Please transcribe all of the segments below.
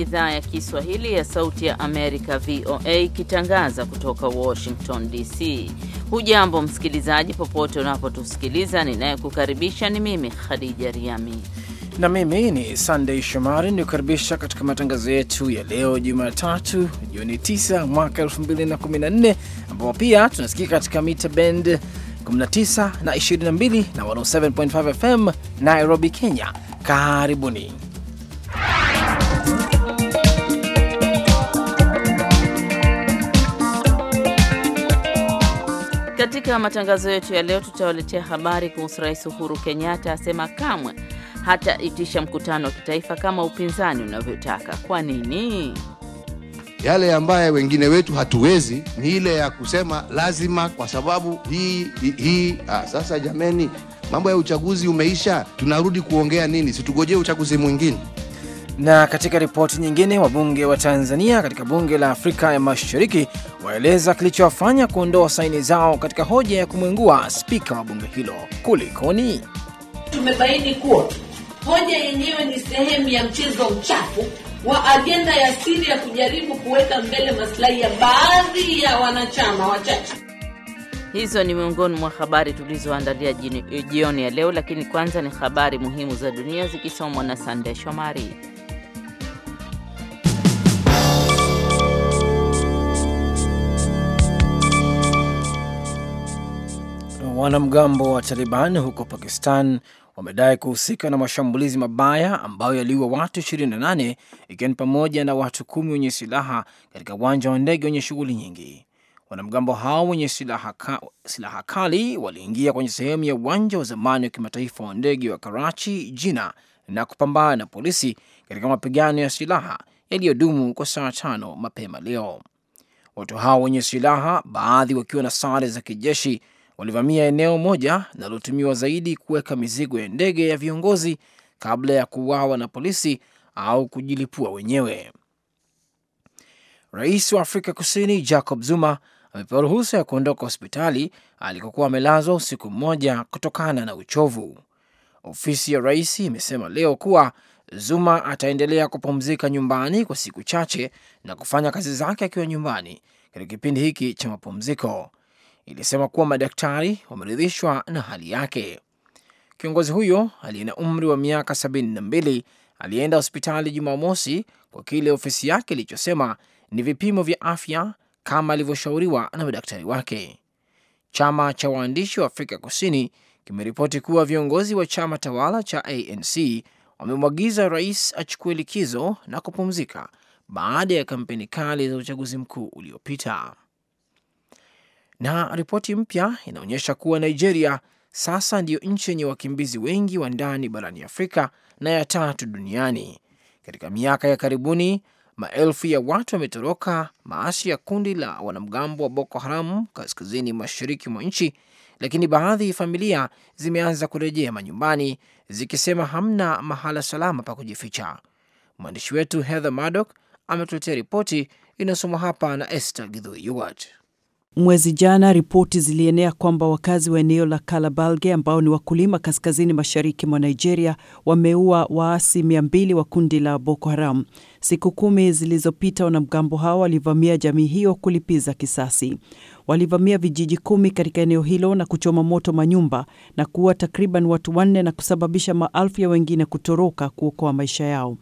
idhaa ya Kiswahili ya Sauti ya Amerika, VOA, ikitangaza kutoka Washington DC. Hujambo msikilizaji, popote unapotusikiliza. Ninayekukaribisha ni mimi Khadija Riami na mimi ni Sandei Shomari, nikukaribisha katika matangazo yetu ya leo Jumatatu, Juni 9 mwaka 2014, ambapo pia tunasikika katika mita bend 19 na 22 na 107.5 FM Nairobi, Kenya. Karibuni. Katika matangazo yetu ya leo tutawaletea habari kuhusu Rais Uhuru Kenyatta asema kamwe hataitisha mkutano wa kitaifa kama upinzani unavyotaka. Kwa nini? Yale ambaye wengine wetu hatuwezi ni ile ya kusema lazima kwa sababu hii hii, hii. Ah, sasa jameni, mambo ya uchaguzi umeisha, tunarudi kuongea nini? Situgojee uchaguzi mwingine. Na katika ripoti nyingine, wabunge wa Tanzania katika bunge la Afrika ya Mashariki waeleza kilichowafanya kuondoa saini zao katika hoja ya kumwengua spika wa bunge hilo. Kulikoni? Tumebaini kuwa hoja yenyewe ni sehemu ya mchezo mchafu wa ajenda ya siri ya kujaribu kuweka mbele maslahi ya baadhi ya wanachama wachache. Hizo ni miongoni mwa habari tulizoandalia eh, jioni ya leo, lakini kwanza ni habari muhimu za dunia zikisomwa na Sande Shomari. Wanamgambo wa Taliban huko Pakistan wamedai kuhusika na mashambulizi mabaya ambayo yaliua watu 28 ikiwa ni pamoja na watu kumi wenye silaha katika uwanja wa ndege wenye shughuli nyingi. Wanamgambo hao wenye silaha, ka, silaha kali waliingia kwenye sehemu ya uwanja wa zamani wa kimataifa wa ndege wa Karachi jina na kupambana na polisi katika mapigano ya silaha yaliyodumu kwa saa tano mapema leo. Watu hao wenye silaha, baadhi wakiwa na sare za kijeshi, walivamia eneo moja linalotumiwa zaidi kuweka mizigo ya ndege ya viongozi kabla ya kuuawa na polisi au kujilipua wenyewe. Rais wa Afrika Kusini Jacob Zuma amepewa ruhusa ya kuondoka hospitali alikokuwa amelazwa usiku mmoja kutokana na uchovu. Ofisi ya rais imesema leo kuwa Zuma ataendelea kupumzika nyumbani kwa siku chache na kufanya kazi zake akiwa nyumbani katika kipindi hiki cha mapumziko, ilisema kuwa madaktari wameridhishwa na hali yake. Kiongozi huyo aliye na umri wa miaka sabini na mbili aliyeenda hospitali Jumamosi kwa kile ofisi yake ilichosema ni vipimo vya afya kama alivyoshauriwa na madaktari wake. Chama cha waandishi wa Afrika Kusini kimeripoti kuwa viongozi wa chama tawala cha ANC wamemwagiza rais achukue likizo na kupumzika baada ya kampeni kali za uchaguzi mkuu uliopita na ripoti mpya inaonyesha kuwa Nigeria sasa ndiyo nchi yenye wakimbizi wengi wa ndani barani Afrika na ya tatu duniani. Katika miaka ya karibuni, maelfu ya watu wametoroka maasi ya kundi la wanamgambo wa Boko Haram kaskazini mashariki mwa nchi, lakini baadhi ya familia zimeanza kurejea manyumbani zikisema hamna mahala salama pa kujificha. Mwandishi wetu Heather Maddock ametuletea ripoti inayosomwa hapa na Esther Gidhuiwat. Mwezi jana ripoti zilienea kwamba wakazi wa eneo la Kalabalge ambao ni wakulima kaskazini mashariki mwa Nigeria wameua waasi 200 wa kundi la Boko Haram. Siku kumi zilizopita, wanamgambo hao walivamia jamii hiyo kulipiza kisasi. Walivamia vijiji kumi katika eneo hilo na kuchoma moto manyumba na kuua takriban watu wanne na kusababisha maelfu ya wengine kutoroka kuokoa maisha yao.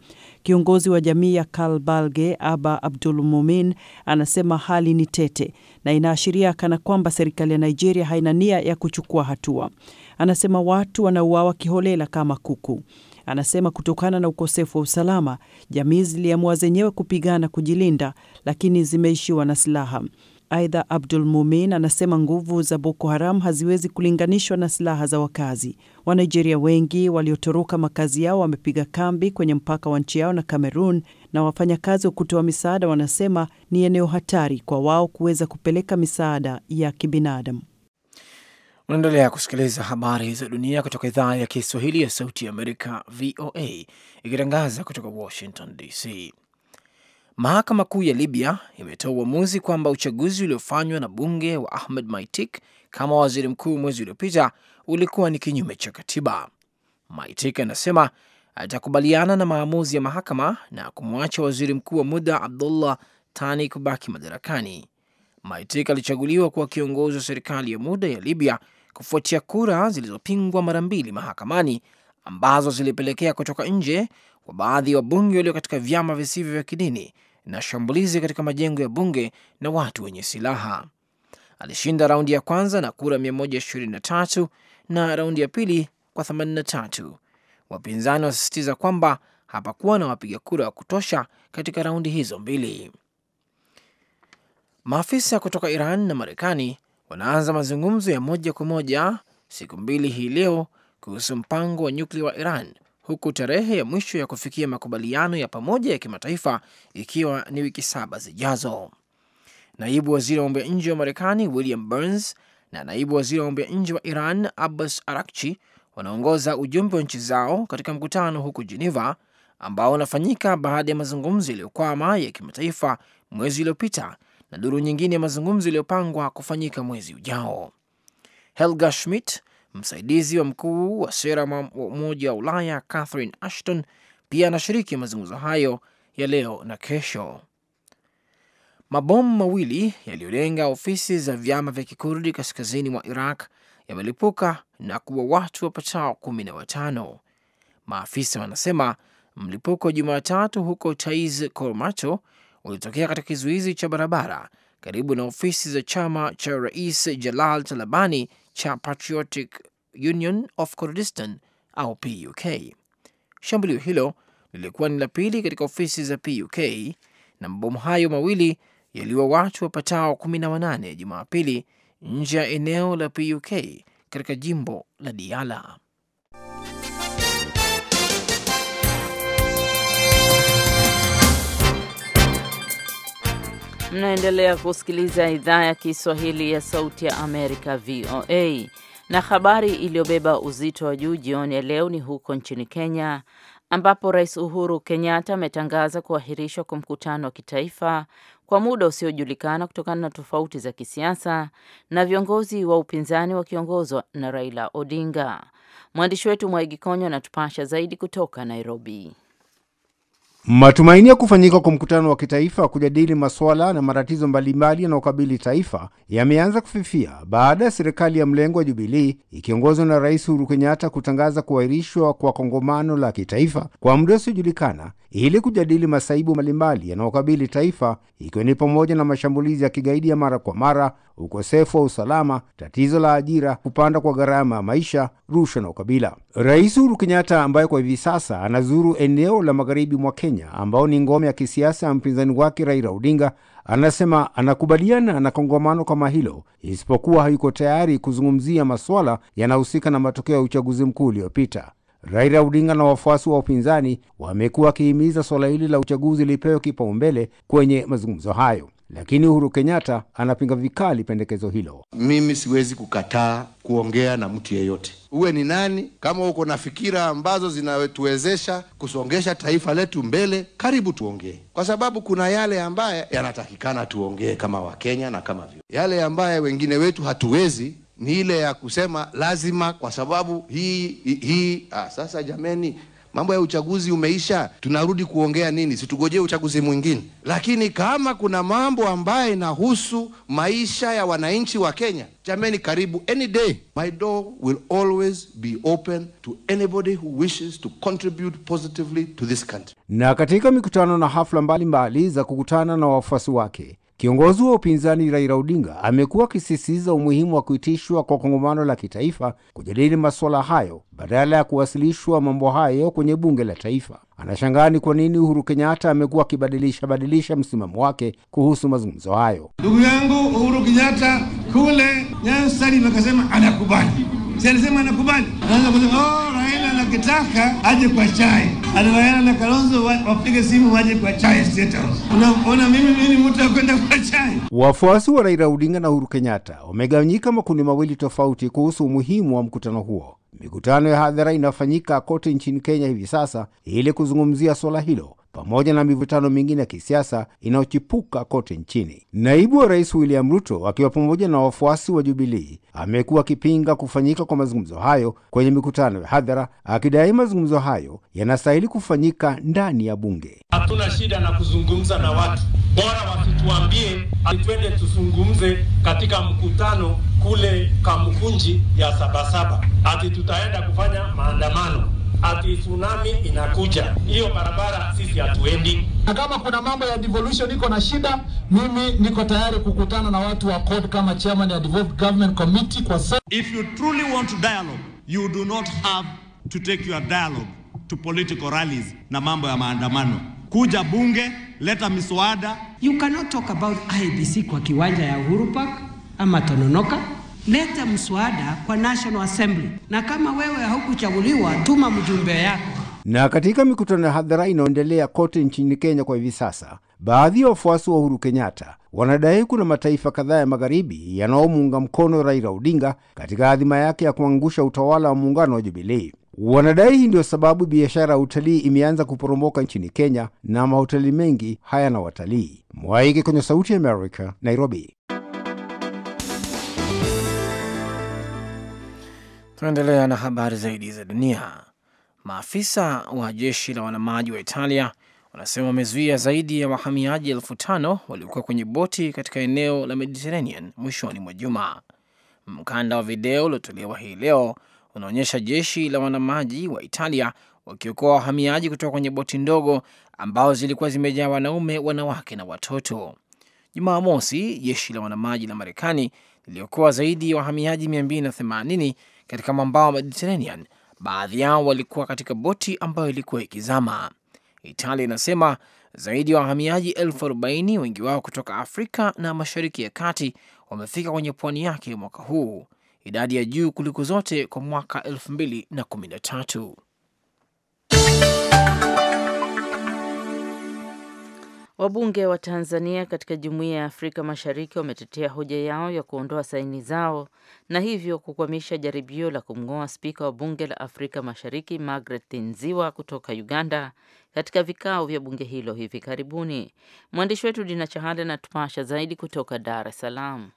Kiongozi wa jamii ya Kalbalge Aba Abdul Mumin anasema hali ni tete na inaashiria kana kwamba serikali ya Nigeria haina nia ya kuchukua hatua. Anasema watu wanauawa kiholela kama kuku. Anasema kutokana na ukosefu wa usalama, jamii ziliamua zenyewe kupigana kujilinda, lakini zimeishiwa na silaha. Aidha, Abdul Mumin anasema nguvu za Boko Haram haziwezi kulinganishwa na silaha za wakazi. Wanigeria wengi waliotoroka makazi yao wamepiga kambi kwenye mpaka wa nchi yao na Kamerun, na wafanyakazi wa kutoa misaada wanasema ni eneo hatari kwa wao kuweza kupeleka misaada ya kibinadamu. Unaendelea kusikiliza habari za dunia kutoka idhaa ya Kiswahili ya Sauti ya Amerika, VOA, ikitangaza kutoka Washington DC. Mahakama Kuu ya Libya imetoa uamuzi kwamba uchaguzi uliofanywa na bunge wa Ahmed Maitik kama waziri mkuu mwezi uliopita ulikuwa ni kinyume cha katiba. Maitik anasema atakubaliana na maamuzi ya mahakama na kumwacha waziri mkuu wa muda Abdullah Tani kubaki madarakani. Maitik alichaguliwa kuwa kiongozi wa serikali ya muda ya Libya kufuatia kura zilizopingwa mara mbili mahakamani ambazo zilipelekea kutoka nje kwa baadhi ya wabunge walio katika vyama visivyo vya kidini na shambulizi katika majengo ya bunge na watu wenye silaha. Alishinda raundi ya kwanza na kura 123 na raundi ya pili kwa 83. Wapinzani wasisitiza kwamba hapakuwa na wapiga kura wa kutosha katika raundi hizo mbili. Maafisa kutoka Iran na Marekani wanaanza mazungumzo ya moja kwa moja siku mbili hii leo kuhusu mpango wa nyuklia wa Iran huku tarehe ya mwisho ya kufikia makubaliano ya pamoja ya kimataifa ikiwa ni wiki saba zijazo. Naibu waziri wa mambo ya nje wa Marekani William Burns na naibu waziri wa mambo ya nje wa Iran Abbas Arakchi wanaongoza ujumbe wa nchi zao katika mkutano huku Geneva ambao unafanyika baada ya mazungumzo yaliyokwama ya kimataifa mwezi uliopita na duru nyingine ya mazungumzo yaliyopangwa kufanyika mwezi ujao. Helga Schmidt, Msaidizi wa mkuu wa sera wa Umoja wa Ulaya Catherine Ashton pia anashiriki mazungumzo hayo ya leo na kesho. Mabomu mawili yaliyolenga ofisi za vyama vya kikurdi kaskazini mwa Iraq yamelipuka na kuwa watu wapatao kumi na watano. Maafisa wanasema mlipuko Jumatatu huko Taiz Kormacho ulitokea katika kizuizi cha barabara karibu na ofisi za chama cha rais Jalal Talabani cha Patriotic Union of Kurdistan au PUK. Shambulio hilo lilikuwa ni la pili katika ofisi za PUK na mabomu hayo mawili yaliwa watu wapatao 18 Jumapili nje ya eneo la PUK katika jimbo la Diyala. Mnaendelea kusikiliza idhaa ya Kiswahili ya Sauti ya Amerika, VOA. Na habari iliyobeba uzito wa juu jioni ya leo ni huko nchini Kenya, ambapo Rais Uhuru Kenyatta ametangaza kuahirishwa kwa mkutano wa kitaifa kwa muda usiojulikana kutokana na tofauti za kisiasa na viongozi wa upinzani wakiongozwa na Raila Odinga. Mwandishi wetu Mwaigi Konyo anatupasha zaidi kutoka Nairobi. Matumaini ya kufanyika kwa mkutano wa kitaifa wa kujadili masuala na matatizo mbalimbali yanayokabili taifa yameanza kufifia baada ya serikali ya mlengo wa Jubilii ikiongozwa na Rais Uhuru Kenyatta kutangaza kuahirishwa kwa kongamano la kitaifa kwa muda usiojulikana ili kujadili masaibu mbalimbali yanayokabili taifa ikiwa ni pamoja na mashambulizi ya kigaidi ya mara kwa mara, ukosefu wa usalama, tatizo la ajira, kupanda kwa gharama ya maisha, rushwa na ukabila. Rais Uhuru Kenyatta ambaye kwa hivi sasa anazuru eneo la magharibi mwa Kenya ambao ni ngome ya kisiasa ya mpinzani wake Raila Odinga, anasema anakubaliana na kongamano kama hilo, isipokuwa hayuko tayari kuzungumzia masuala yanahusika na matokeo ya uchaguzi mkuu uliopita. Raila Odinga na wafuasi wa upinzani wamekuwa wakihimiza suala hili la uchaguzi lipewe kipaumbele kwenye mazungumzo hayo. Lakini Uhuru Kenyatta anapinga vikali pendekezo hilo. Mimi siwezi kukataa kuongea na mtu yeyote, uwe ni nani. Kama uko na fikira ambazo zinatuwezesha kusongesha taifa letu mbele, karibu tuongee, kwa sababu kuna yale ambayo yanatakikana tuongee kama Wakenya na kama vyo. Yale ambayo wengine wetu hatuwezi ni ile ya kusema lazima, kwa sababu hii hii. Ah, sasa jameni Mambo ya uchaguzi umeisha, tunarudi kuongea nini? Situgojee uchaguzi mwingine. Lakini kama kuna mambo ambayo inahusu maisha ya wananchi wa Kenya, jameni, karibu any day. My door will always be open to anybody who wishes to contribute positively to this country. Na katika mikutano na hafla mbalimbali mbali za kukutana na wafuasi wake Kiongozi wa upinzani Raila Odinga amekuwa akisisitiza umuhimu wa kuitishwa kwa kongamano la kitaifa kujadili masuala hayo badala ya kuwasilishwa mambo hayo kwenye bunge la taifa. Anashangaa ni kwa nini Uhuru Kenyatta amekuwa akibadilisha badilisha msimamo wake kuhusu mazungumzo hayo. Ndugu yangu Uhuru Kenyatta kule Nyasa akasema anakubali, si alisema anakubali, anaanza kusema oh, Raila akitaka aje kwa chai, Anawayana na Kalonzo wapige simu waje kwa chai State House. Unaona mimi nini mtu akwenda kwa chai? Wafuasi wa Raila Odinga na Uhuru Kenyatta wamegawanyika makundi mawili tofauti kuhusu umuhimu wa mkutano huo. Mikutano ya hadhara inafanyika kote nchini Kenya hivi sasa ili kuzungumzia swala hilo pamoja na mivutano mingine ya kisiasa inayochipuka kote nchini. Naibu wa Rais William Ruto akiwa pamoja na wafuasi wa Jubilii amekuwa akipinga kufanyika kwa mazungumzo hayo kwenye mikutano ya hadhara, akidai mazungumzo hayo yanastahili kufanyika ndani ya bunge. Hatuna shida na kuzungumza na watu, bora wasituambie atwende, tuzungumze katika mkutano kule Kamkunji ya Sabasaba ati tutaenda kufanya maandamano ati tsunami inakuja. Hiyo barabara sisi hatuendi. Na kama kuna mambo ya devolution iko na shida, mimi niko tayari kukutana na watu wa CORD kama chairman ya devolved government committee kwa sasa. If you truly want dialogue, you do not have to take your dialogue to political rallies na mambo ya maandamano. Kuja bunge, leta miswada. You cannot talk about IBC kwa kiwanja ya Uhuru Park ama Tononoka leta mswada kwa National Assembly, na kama wewe haukuchaguliwa tuma mjumbe yako. Na katika mikutano ya hadhara inaendelea kote nchini Kenya kwa hivi sasa, baadhi ya wafuasi wa Uhuru Kenyatta wanadai kuna mataifa kadhaa ya magharibi yanayomuunga mkono Raila Odinga katika adhima yake ya kuangusha utawala wa muungano wa Jubilii. Wanadai hii ndio sababu biashara ya utalii imeanza kuporomoka nchini Kenya na mahoteli mengi hayana watalii. Mwaige kwenye Sauti ya America, Nairobi. Tunaendelea na habari zaidi za dunia. Maafisa wa jeshi la wanamaji wa Italia wanasema wamezuia zaidi ya wahamiaji elfu tano waliokuwa kwenye boti katika eneo la Mediterranean mwishoni mwa juma. Mkanda wa video uliotolewa hii leo unaonyesha jeshi la wanamaji wa Italia wakiokoa wahamiaji kutoka kwenye boti ndogo ambao zilikuwa zimejaa wanaume, wanawake na watoto. jumaa mosi jeshi la wanamaji la Marekani liliokoa zaidi ya wahamiaji 280 katika mwambao wa Mediterranean, baadhi yao walikuwa katika boti ambayo ilikuwa ikizama. Italia inasema zaidi ya wa wahamiaji elfu arobaini wengi wao kutoka Afrika na Mashariki ya Kati wamefika kwenye pwani yake mwaka huu, idadi ya juu kuliko zote kwa mwaka elfu mbili na kumi na tatu. Wabunge wa Tanzania katika Jumuiya ya Afrika Mashariki wametetea hoja yao ya kuondoa saini zao na hivyo kukwamisha jaribio la kumng'oa spika wa bunge la Afrika Mashariki Margaret Nziwa kutoka Uganda katika vikao vya bunge hilo hivi karibuni. Mwandishi wetu Dina Chahale anatupasha zaidi kutoka Dar es Salaam.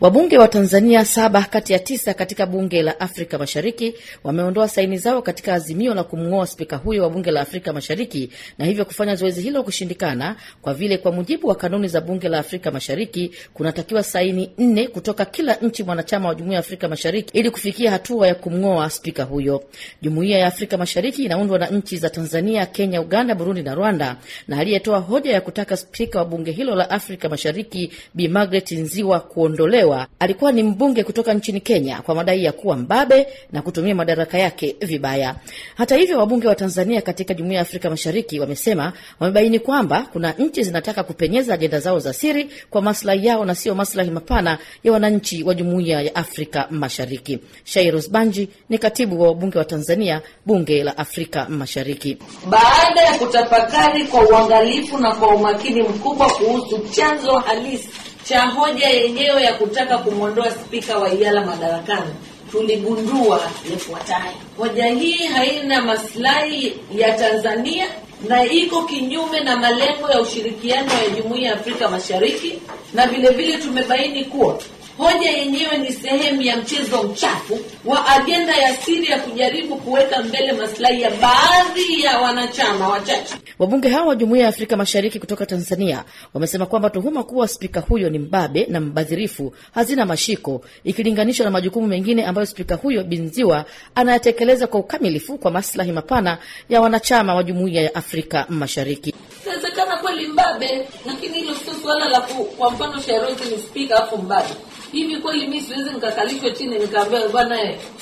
Wabunge wa Tanzania saba kati ya tisa katika bunge la Afrika Mashariki wameondoa saini zao katika azimio la kumng'oa spika huyo wa bunge la Afrika Mashariki na hivyo kufanya zoezi hilo kushindikana, kwa vile kwa mujibu wa kanuni za bunge la Afrika Mashariki kunatakiwa saini nne kutoka kila nchi mwanachama wa jumuiya ya Afrika Mashariki ili kufikia hatua ya kumng'oa spika huyo. Jumuiya ya Afrika Mashariki inaundwa na nchi za Tanzania, Kenya, Uganda, Burundi na Rwanda, na aliyetoa hoja ya kutaka spika wa bunge hilo la Afrika Mashariki Bi Margaret Nziwa kuondolewa Ludewa alikuwa ni mbunge kutoka nchini Kenya kwa madai ya kuwa mbabe na kutumia madaraka yake vibaya. Hata hivyo, wabunge wa Tanzania katika Jumuiya ya Afrika Mashariki wamesema wamebaini kwamba kuna nchi zinataka kupenyeza ajenda zao za siri kwa maslahi yao na sio maslahi mapana ya wananchi wa Jumuiya ya Afrika Mashariki. Shairos Banji ni katibu wa wabunge wa Tanzania, bunge la Afrika Mashariki. Baada ya kutafakari kwa uangalifu na kwa umakini mkubwa kuhusu chanzo halisi cha hoja yenyewe ya kutaka kumwondoa spika wa iala madarakani tuligundua yafuatayo. Hoja hii haina maslahi ya Tanzania na iko kinyume na malengo ya ushirikiano ya Jumuiya ya Afrika Mashariki, na vile vile tumebaini kuwa Hoja yenyewe ni sehemu ya mchezo mchafu wa ajenda ya siri ya kujaribu kuweka mbele maslahi ya baadhi ya wanachama wachache. Wabunge hao wa Jumuiya ya Afrika Mashariki kutoka Tanzania wamesema kwamba tuhuma kuwa spika huyo ni mbabe na mbadhirifu hazina mashiko ikilinganishwa na majukumu mengine ambayo spika huyo Binziwa anayatekeleza kwa ukamilifu kwa maslahi mapana ya wanachama wa Jumuiya ya Afrika Mashariki. Inawezekana kweli mbabe, lakini hilo sio suala la ku, kwa mfano Sherozi ni spika afu mbabe Hivi kweli mimi siwezi nikakalishwa chini nikaambia bwana,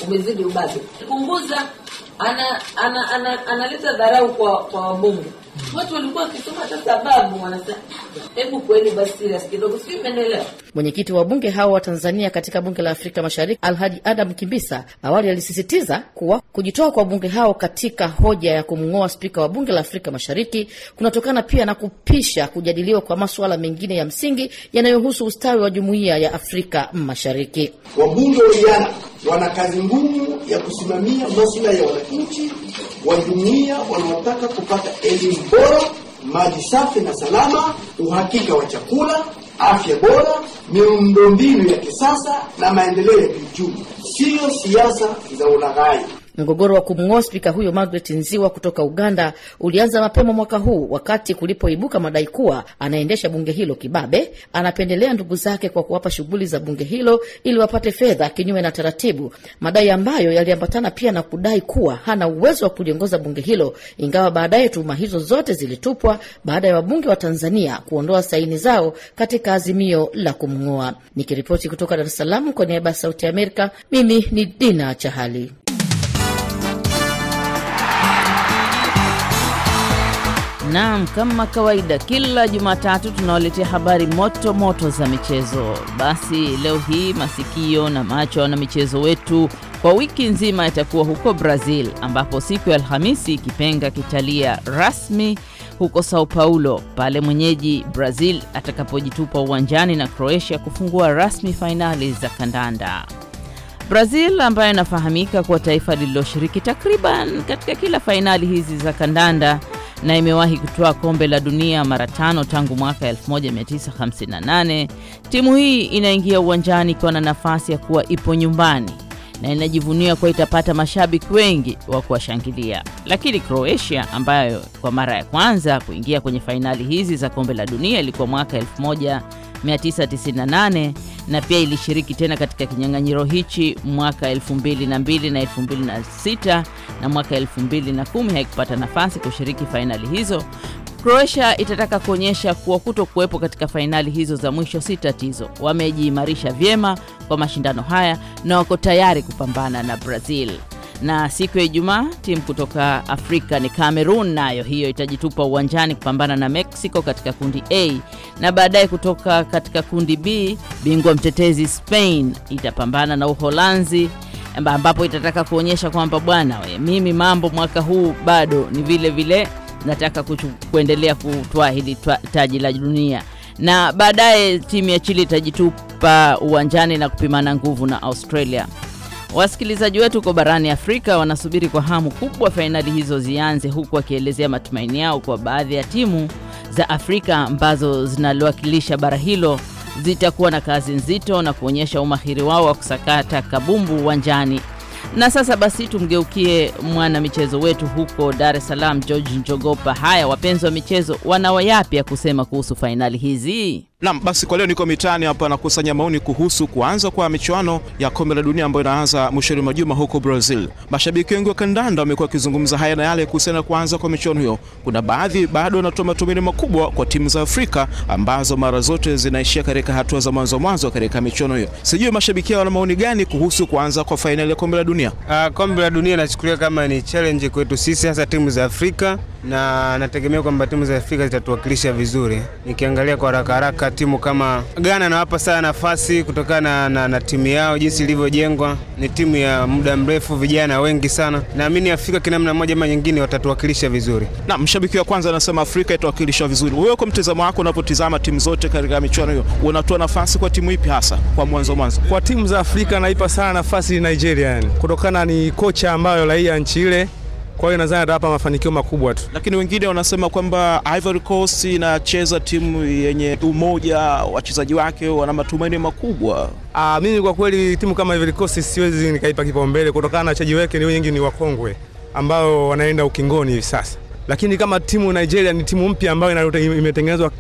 umezidi ubabe, punguza ana analeta ana, ana, ana dharau kwa kwa wabunge hmm. Watu walikuwa wakisoma hata sababu wanasema hebu kweli basi kidogo, sijui mmenielewa. Mwenyekiti wa bunge hao wa Tanzania katika bunge la Afrika Mashariki Alhaji Adam Kimbisa awali alisisitiza kuwa kujitoa kwa bunge hao katika hoja ya kumng'oa spika wa bunge la Afrika Mashariki kunatokana pia na kupisha kujadiliwa kwa masuala mengine ya msingi yanayohusu ustawi wa jumuiya ya Afrika Mashariki. Wabunge wa wana kazi ngumu ya kusimamia masuala ya wananchi wa dunia wanaotaka kupata elimu bora, maji safi na salama, uhakika wa chakula, afya bora, miundombinu ya kisasa na maendeleo ya kiuchumi, siyo siasa za ulaghai. Mgogoro wa kumng'oa spika huyo Margaret Nziwa kutoka Uganda ulianza mapema mwaka huu wakati kulipoibuka madai kuwa anaendesha bunge hilo kibabe, anapendelea ndugu zake kwa kuwapa shughuli za bunge hilo ili wapate fedha kinyume na taratibu, madai ambayo yaliambatana pia na kudai kuwa hana uwezo wa kuliongoza bunge hilo, ingawa baadaye tuhuma hizo zote zilitupwa baada ya wabunge wa Tanzania kuondoa saini zao katika azimio la kumng'oa. Nikiripoti kutoka Dar es Salaam kwa niaba ya Sauti ya Amerika, mimi ni Dina Chahali. Naam, kama kawaida kila Jumatatu tunawaletea habari moto moto za michezo. Basi leo hii masikio na macho na michezo wetu kwa wiki nzima yatakuwa huko Brazil, ambapo siku ya Alhamisi kipenga kitalia rasmi huko Sao Paulo, pale mwenyeji Brazil atakapojitupa uwanjani na Croatia kufungua rasmi fainali za kandanda. Brazil ambayo inafahamika kwa taifa lililoshiriki takriban katika kila fainali hizi za kandanda na imewahi kutoa kombe la dunia mara tano tangu mwaka 1958. Timu hii inaingia uwanjani ikiwa na nafasi ya kuwa ipo nyumbani na inajivunia kuwa itapata mashabiki wengi wa kuwashangilia. Lakini Croatia ambayo kwa mara ya kwanza kuingia kwenye fainali hizi za kombe la dunia ilikuwa mwaka 1998 na pia ilishiriki tena katika kinyang'anyiro hichi mwaka 2002 na 2006 na mwaka 2010 haikupata nafasi kushiriki fainali hizo. Croatia itataka kuonyesha kuwa kuto kuwepo katika fainali hizo za mwisho si tatizo. Wamejiimarisha vyema kwa mashindano haya na wako tayari kupambana na Brazil. Na siku ya Ijumaa timu kutoka Afrika ni Cameroon, nayo hiyo itajitupa uwanjani kupambana na Mexico katika kundi A, na baadaye kutoka katika kundi B, bingwa mtetezi Spain itapambana na Uholanzi ambapo itataka kuonyesha kwamba bwana we, mimi mambo mwaka huu bado ni vile vile, nataka kuchu, kuendelea kutwaa hili taji la dunia, na baadaye timu ya Chile itajitupa uwanjani na kupimana nguvu na Australia. Wasikilizaji wetu kwa barani Afrika wanasubiri kwa hamu kubwa fainali hizo zianze, huku wakielezea matumaini yao kwa baadhi ya timu za Afrika ambazo zinaliwakilisha bara hilo zitakuwa na kazi nzito na kuonyesha umahiri wao wa kusakata kabumbu uwanjani. Na sasa basi tumgeukie mwana michezo wetu huko Dar es Salaam, George Njogopa. Haya, wapenzi wa michezo, wana yapi ya kusema kuhusu fainali hizi? Nam, basi kwa leo niko mitaani hapa nakusanya maoni kuhusu kuanza kwa michuano ya kombe la dunia ambayo inaanza mwishoni mwa juma huko Brazil. Mashabiki wengi wa kandanda wamekuwa wakizungumza haya na yale kuhusiana kuanza kwa michuano hiyo. Kuna baadhi bado wanatoa matumaini makubwa kwa timu za Afrika ambazo mara zote zinaishia katika hatua za mwanzo mwanzo katika michuano hiyo. Sijui mashabiki hao wana maoni gani kuhusu kuanza kwa fainali ya kombe la dunia? Uh, kombe la dunia nachukulia kama ni challenge kwetu sisi hasa timu za Afrika na nategemea kwamba timu za Afrika zitatuwakilisha vizuri. Nikiangalia kwa haraka haraka, timu kama Ghana nawapa sana nafasi kutokana na, na, na timu yao jinsi ilivyojengwa. Ni timu ya muda mrefu, vijana wengi sana. Naamini Afrika kinamna moja ama nyingine watatuwakilisha vizuri. Na mshabiki wa kwanza anasema Afrika itawakilisha vizuri. Wewe kwa mtazamo wako, unapotizama timu zote katika michuano hiyo, unatoa nafasi kwa timu ipi hasa kwa mwanzo mwanzo? Kwa timu za Afrika naipa sana nafasi Nigeria, yani kutokana ni kocha ambayo raia nchi ile kwa hiyo nadhani atawapa mafanikio makubwa tu, lakini wengine wanasema kwamba Ivory Coast inacheza timu yenye umoja, wachezaji wake wana matumaini makubwa. Ah, mimi kwa kweli timu kama Ivory Coast siwezi nikaipa kipaumbele kutokana na wachezaji wake wengi ni wakongwe ambao wanaenda ukingoni hivi sasa, lakini kama timu Nigeria ni timu mpya ambayo imetengenezwa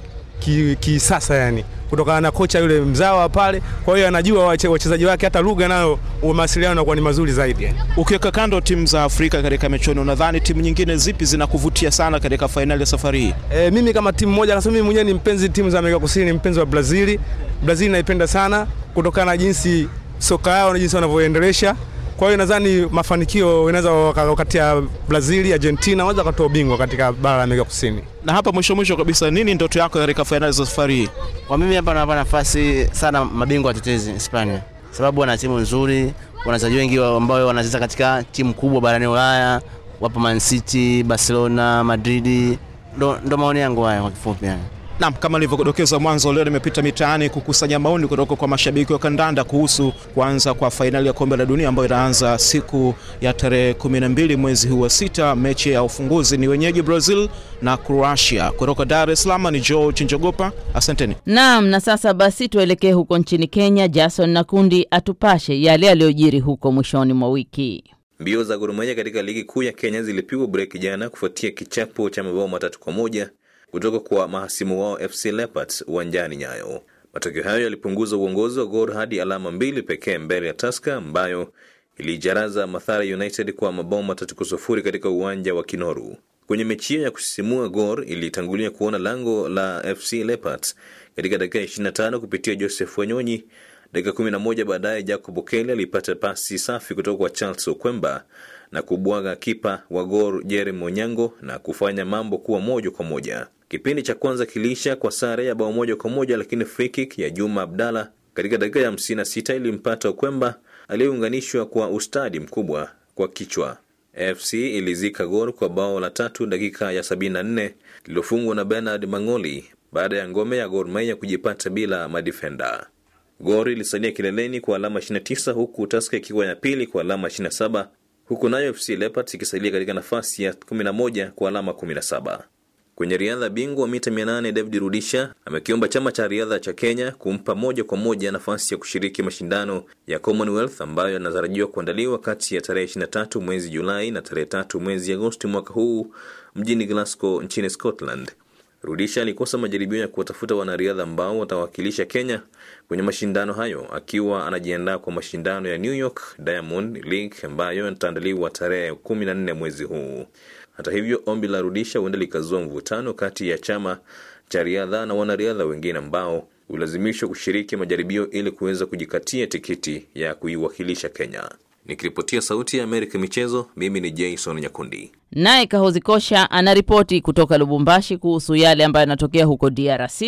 kisasa ki yani, kutokana na kocha yule mzawa pale. Kwa hiyo anajua wachezaji wake, hata lugha nayo mawasiliano nakuwa ni mazuri zaidi yani. Ukiweka kando timu za Afrika katika mechoni unadhani timu nyingine zipi zinakuvutia sana katika fainali ya safari hii? E, mimi kama timu moja nasema mimi mwenyewe ni mpenzi timu za Amerika Kusini, ni mpenzi wa Brazili. Brazili naipenda sana kutokana na jinsi soka yao na jinsi wanavyoendelesha kwa hiyo nadhani mafanikio inaweza wakati ya Brazil, Argentina waweza wakatoa ubingwa katika bara la Amerika Kusini. Na hapa mwisho mwisho kabisa, nini ndoto yako katika fainali za safari hii? Kwa mimi hapa nawapa nafasi sana mabingwa watetezi Hispania, sababu wana timu nzuri, wachezaji wengi ambao wanacheza katika timu kubwa barani Ulaya, wapo Man City, Barcelona, Madridi. Ndo maoni yangu haya kwa kifupi yani. Naam, kama nilivyodokeza mwanzo, leo nimepita mitaani kukusanya maoni kutoka kwa mashabiki wa kandanda kuhusu kuanza kwa fainali ya kombe la dunia ambayo inaanza siku ya tarehe 12 mwezi huu wa sita. Mechi ya ufunguzi ni wenyeji Brazil na Croatia. Kutoka Dar es Salaam ni George Njogopa, asanteni. Naam, na sasa basi tuelekee huko nchini Kenya. Jason Nakundi atupashe yale yaliyojiri huko mwishoni mwa wiki. Mbio za Gor Mahia katika ligi kuu ya Kenya zilipigwa breki jana kufuatia kichapo cha mabao matatu kwa moja kutoka kwa mahasimu wao FC Leopards uwanjani Nyayo. Matokeo hayo yalipunguza uongozi wa Gor hadi alama mbili pekee mbele ya Tusker ambayo ilijaraza Mathare United kwa mabao matatu kwa sufuri katika uwanja wa Kinoru. Kwenye mechi hiyo ya kusisimua, Gor ilitangulia kuona lango la FC Leopards katika dakika 25 kupitia Joseph Wanyonyi. Dakika 11 baadaye, Jacob Okeli alipata pasi safi kutoka kwa Charles Okwemba na kubwaga kipa wa Gor Jeremy Onyango na kufanya mambo kuwa moja kwa moja. Kipindi cha kwanza kiliisha kwa sare ya bao moja kwa moja, lakini free kick ya Juma Abdalla katika dakika ya 56 ilimpata Okwemba aliyeunganishwa kwa ustadi mkubwa kwa kichwa. FC ilizika gol kwa bao la tatu dakika ya 74 lililofungwa na Bernard Mang'oli baada ya ngome ya Gor Mahia kujipata bila madifenda. Gor ilisalia kileleni kwa alama 29 huku Tusker ikiwa ya pili kwa alama 27 huku nayo FC Leopards ikisalia katika nafasi ya 11 kwa alama 17. Kwenye riadha bingwa mita 800 David Rudisha amekiomba chama cha riadha cha Kenya kumpa moja kwa moja nafasi ya kushiriki mashindano ya Commonwealth ambayo yanatarajiwa kuandaliwa kati ya tarehe 23 mwezi Julai na tarehe 3 mwezi Agosti mwaka huu mjini Glasgow nchini Scotland. Rudisha alikosa majaribio ya kuwatafuta wanariadha ambao watawakilisha Kenya kwenye mashindano hayo akiwa anajiandaa kwa mashindano ya New York Diamond League ambayo yataandaliwa tarehe 14 mwezi huu. Hata hivyo, ombi la rudisha huenda likazua mvutano kati ya chama cha riadha na wanariadha wengine ambao ulazimishwa kushiriki majaribio ili kuweza kujikatia tikiti ya kuiwakilisha Kenya. Nikiripotia Sauti ya Amerika michezo, mimi ni Jason Nyakundi. Naye Kahozi Kosha anaripoti kutoka Lubumbashi kuhusu yale ambayo yanatokea huko DRC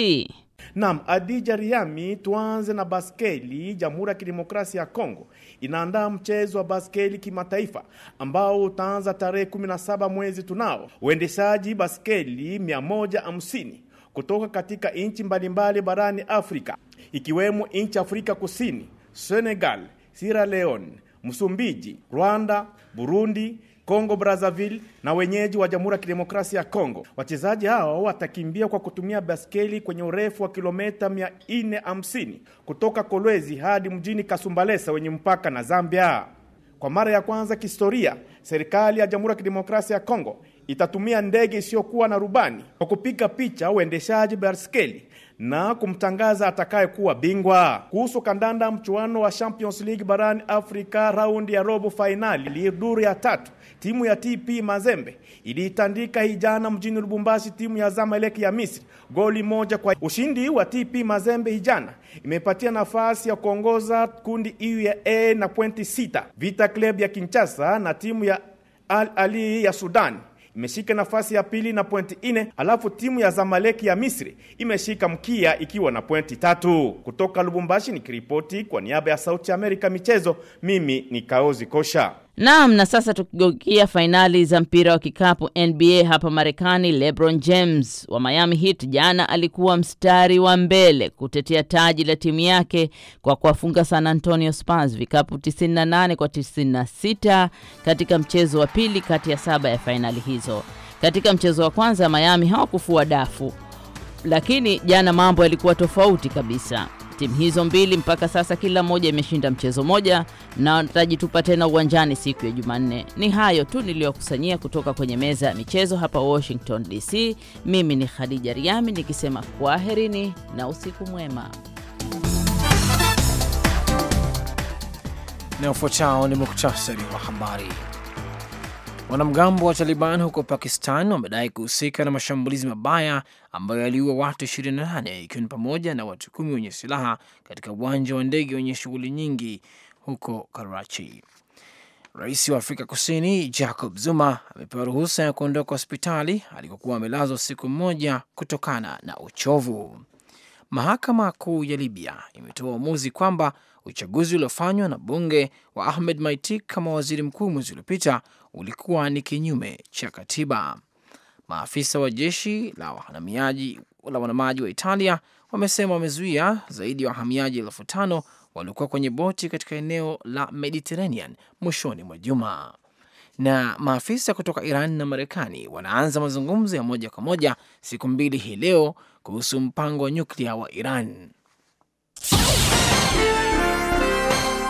nam Adija Riami, tuanze na baskeli. Jamhuri ya Kidemokrasia ya Kongo inaandaa mchezo wa baskeli kimataifa ambao utaanza tarehe 17 mwezi tunao. Uendeshaji baskeli 150 kutoka katika nchi mbalimbali barani Afrika ikiwemo nchi Afrika Kusini, Senegal, Sierra Leone, Msumbiji, Rwanda, Burundi, Congo Brazzaville na wenyeji wa Jamhuri ya Kidemokrasia ya Kongo. Wachezaji hao watakimbia kwa kutumia baskeli kwenye urefu wa kilometa 450 kutoka Kolwezi hadi mjini Kasumbalesa wenye mpaka na Zambia. Kwa mara ya kwanza kihistoria, serikali ya Jamhuri ya Kidemokrasia ya Kongo itatumia ndege isiyokuwa na rubani kwa kupiga picha uendeshaji baskeli na kumtangaza atakayekuwa bingwa. Kuhusu kandanda, mchuano wa Champions League barani Afrika, raundi ya robo fainali, duru ya tatu, timu ya TP Mazembe iliitandika hijana mjini Lubumbashi timu ya Zamalek ya Misri goli moja kwa ushindi. Wa TP Mazembe hijana imepatia nafasi ya kuongoza kundi hiyo e ya A na pointi sita. Vita Club ya Kinshasa na timu ya Al Ali ya Sudani imeshika nafasi ya pili na pointi ine, alafu timu ya Zamaleki ya Misri imeshika mkia ikiwa na pointi tatu. Kutoka Lubumbashi nikiripoti kwa niaba ya Sauti ya Amerika michezo, mimi ni Kaozi Kosha. Naam, na sasa tukigeukia fainali za mpira wa kikapu NBA hapa Marekani, LeBron James wa Miami Heat jana alikuwa mstari wa mbele kutetea taji la timu yake kwa kuwafunga San Antonio Spurs vikapu 98 kwa 96 katika mchezo wa pili kati ya saba ya fainali hizo. Katika mchezo wa kwanza Miami hawakufua dafu, lakini jana mambo yalikuwa tofauti kabisa. Timu hizo mbili mpaka sasa kila moja imeshinda mchezo moja na watajitupa tena uwanjani siku ya Jumanne. Ni hayo tu niliyokusanyia kutoka kwenye meza ya michezo hapa Washington DC. Mimi ni Khadija Riami nikisema kwaherini na usiku mwema. Na ufuatao ni muktasari wa habari. Wanamgambo wa Taliban huko Pakistan wamedai kuhusika na mashambulizi mabaya ambayo yaliua watu 28 ikiwa ni pamoja na watu kumi wenye silaha katika uwanja wa ndege wenye shughuli nyingi huko Karachi. Rais wa Afrika Kusini Jacob Zuma amepewa ruhusa ya kuondoka hospitali alikokuwa amelazwa siku moja kutokana na uchovu. Mahakama Kuu ya Libya imetoa uamuzi kwamba Uchaguzi uliofanywa na bunge wa Ahmed Maitik kama waziri mkuu mwezi uliopita ulikuwa ni kinyume cha katiba. Maafisa wa jeshi la wahamiaji la wanamaji wa Italia wamesema wamezuia zaidi ya wahamiaji elfu tano waliokuwa kwenye boti katika eneo la Mediterranean mwishoni mwa juma. Na maafisa kutoka Iran na Marekani wanaanza mazungumzo ya moja kwa moja siku mbili hii leo kuhusu mpango wa nyuklia wa Iran.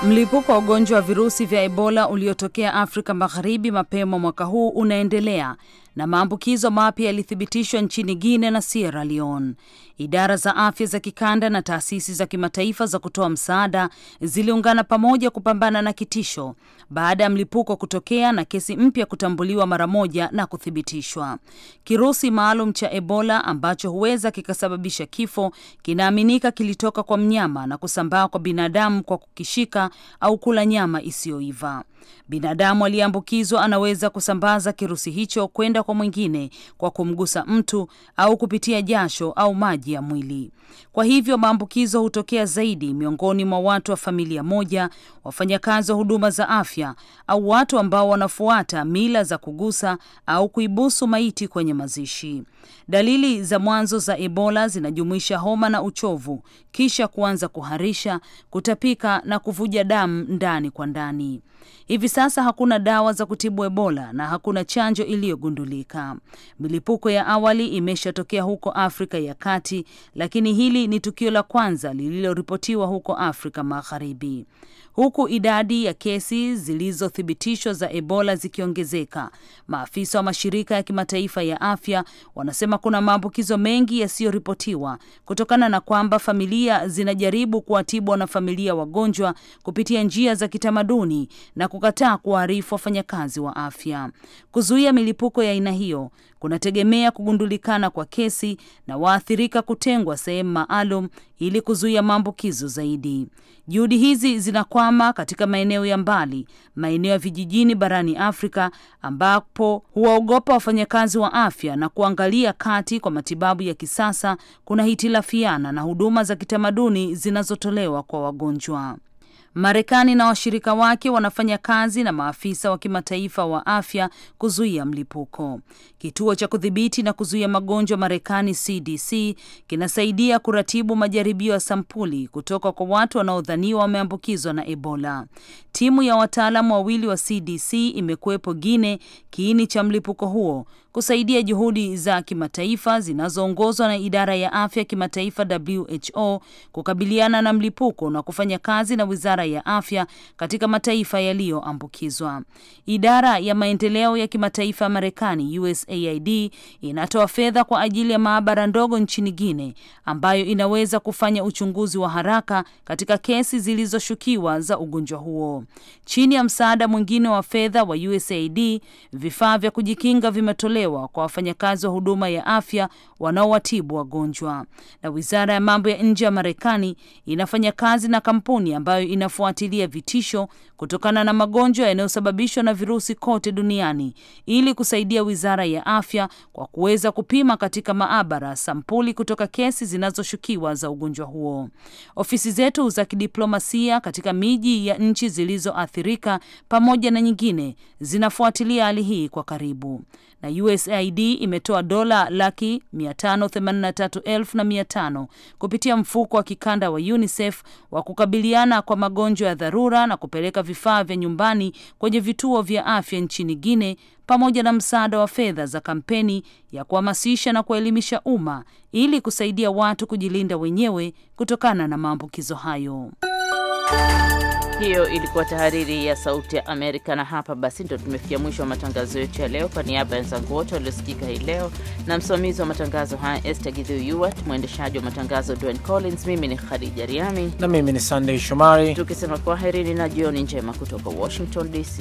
Mlipuko wa ugonjwa wa virusi vya Ebola uliotokea Afrika Magharibi mapema mwaka huu unaendelea na maambukizo mapya yalithibitishwa nchini Guinea na Sierra Leone. Idara za afya za kikanda na taasisi za kimataifa za kutoa msaada ziliungana pamoja kupambana na kitisho baada ya mlipuko kutokea na kesi mpya kutambuliwa mara moja na kuthibitishwa. Kirusi maalum cha Ebola ambacho huweza kikasababisha kifo kinaaminika kilitoka kwa mnyama na kusambaa kwa binadamu kwa kukishika au kula nyama isiyoiva. Binadamu aliyeambukizwa anaweza kusambaza kirusi hicho kwenda kwa mwingine kwa kumgusa mtu au kupitia jasho au maji maji ya mwili. Kwa hivyo maambukizo hutokea zaidi miongoni mwa watu wa familia moja, wafanyakazi wa huduma za afya, au watu ambao wanafuata mila za kugusa au kuibusu maiti kwenye mazishi. Dalili za mwanzo za Ebola zinajumuisha homa na uchovu, kisha kuanza kuharisha, kutapika na kuvuja damu ndani kwa ndani. Hivi sasa hakuna dawa za kutibu Ebola na hakuna chanjo iliyogundulika. Milipuko ya awali imeshatokea huko Afrika ya Kati, lakini hili ni tukio la kwanza lililoripotiwa huko Afrika Magharibi huku idadi ya kesi zilizothibitishwa za Ebola zikiongezeka. Maafisa wa mashirika ya kimataifa ya afya wanasema kuna maambukizo mengi yasiyoripotiwa kutokana na kwamba familia zinajaribu kuwatibu wanafamilia wagonjwa kupitia njia za kitamaduni na kukataa kuwaarifu wafanyakazi wa afya. Kuzuia milipuko ya aina hiyo kunategemea kugundulikana kwa kesi na waathirika kutengwa sehemu maalum ili kuzuia maambukizo zaidi. Juhudi hizi zinakwama katika maeneo ya mbali, maeneo ya vijijini barani Afrika ambapo huwaogopa wafanyakazi wa afya na kuangalia kati kwa matibabu ya kisasa kuna hitilafiana na huduma za kitamaduni zinazotolewa kwa wagonjwa. Marekani na washirika wake wanafanya kazi na maafisa wa kimataifa wa afya kuzuia mlipuko. Kituo cha kudhibiti na kuzuia magonjwa Marekani, CDC, kinasaidia kuratibu majaribio ya sampuli kutoka kwa watu wanaodhaniwa wameambukizwa na Ebola. Timu ya wataalamu wawili wa CDC imekuwepo Guine, kiini cha mlipuko huo kusaidia juhudi za kimataifa zinazoongozwa na idara ya afya kimataifa WHO kukabiliana na mlipuko na kufanya kazi na wizara ya afya katika mataifa yaliyoambukizwa. Idara ya maendeleo ya kimataifa ya Marekani USAID inatoa fedha kwa ajili ya maabara ndogo nchini Guine ambayo inaweza kufanya uchunguzi wa haraka katika kesi zilizoshukiwa za ugonjwa huo. Chini ya msaada mwingine wa fedha wa USAID, vifaa vya kujikinga vimetolewa kutolewa kwa wafanyakazi wa huduma ya afya wanaowatibu wagonjwa. Na wizara ya mambo ya nje ya Marekani inafanya kazi na kampuni ambayo inafuatilia vitisho kutokana na magonjwa yanayosababishwa na virusi kote duniani ili kusaidia wizara ya afya kwa kuweza kupima katika maabara sampuli kutoka kesi zinazoshukiwa za ugonjwa huo. Ofisi zetu za kidiplomasia katika miji ya nchi zilizoathirika pamoja na nyingine zinafuatilia hali hii kwa karibu na USAID imetoa dola laki 583,500 kupitia mfuko wa kikanda wa UNICEF wa kukabiliana kwa magonjwa ya dharura na kupeleka vifaa vya nyumbani kwenye vituo vya afya nchini guine pamoja na msaada wa fedha za kampeni ya kuhamasisha na kuelimisha umma ili kusaidia watu kujilinda wenyewe kutokana na maambukizo hayo. Hiyo ilikuwa tahariri ya Sauti ya Amerika, na hapa basi ndo tumefikia mwisho wa matangazo yetu ya leo. Kwa niaba ya wenzangu wote waliosikika hii leo na msimamizi wa matangazo haya Esther Githyuwat, mwendeshaji wa matangazo Dwayne Collins, mimi ni Khadija Riami na mimi ni sandey Shomari, tukisema kwaherini na jioni njema kutoka Washington DC.